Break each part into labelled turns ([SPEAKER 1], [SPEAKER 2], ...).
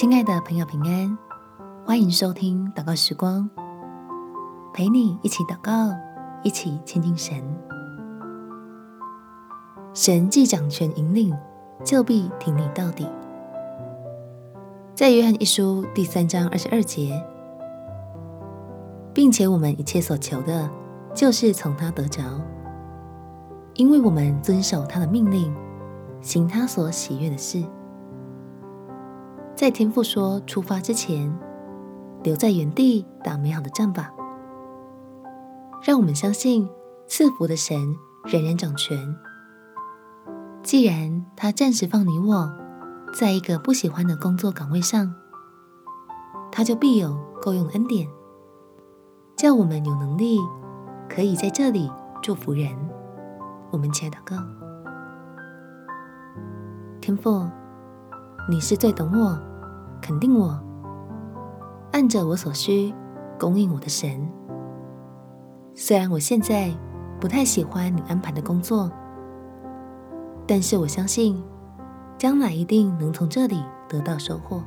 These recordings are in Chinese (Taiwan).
[SPEAKER 1] 親愛的朋友，平安，歡迎收聽禱告時光，陪你一起禱告，一起傾聽神。神既掌權引領，就必挺你到底。在約翰一書第三章二十二節，並且我們一切所求的，就是從他得着，因為我們遵守他的命令，行他所喜悅的事。在天父說出發之前，留在原地打美好的仗吧。讓我們相信賜福的神仍然掌權。既然他暫時放你我，在一個不喜歡的工作崗位上，他就必有夠用的恩典，叫我們有能力可以在這裡祝福人。我們親愛的禱告，天父，你是最懂我。肯定我，按着我所需，供應我的神。雖然我現在不太喜歡你安排的工作，但是我相信將來一定能從這裡得到收穫。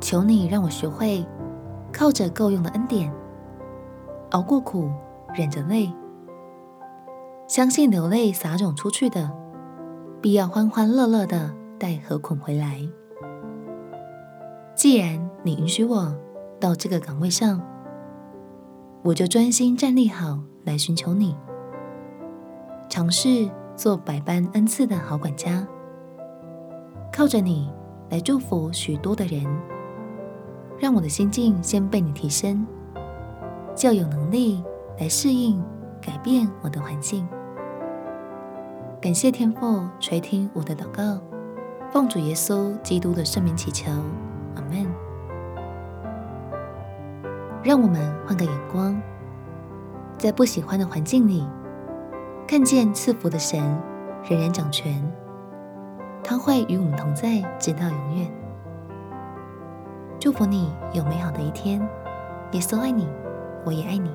[SPEAKER 1] 求你讓我學會靠着夠用的恩典，熬過苦，忍着累，相信流淚撒種出去的，必要歡歡樂樂的帶禾捆回來。既然你允許我到這個崗位上，我就專心站立好來尋求你，嘗試做百般恩賜的好管家，靠着你來祝福許多的人，讓我的心境先被你提升，就有能力來適應、改變我的環境。感謝天父垂聽我的禱告，奉主耶穌基督的聖名祈求。讓我們換個眼光，在不喜歡的環境裡，看見賜福的神仍然掌權，他會與我們同在，直到永遠。祝福你有美好的一天，耶穌愛你，我也愛你。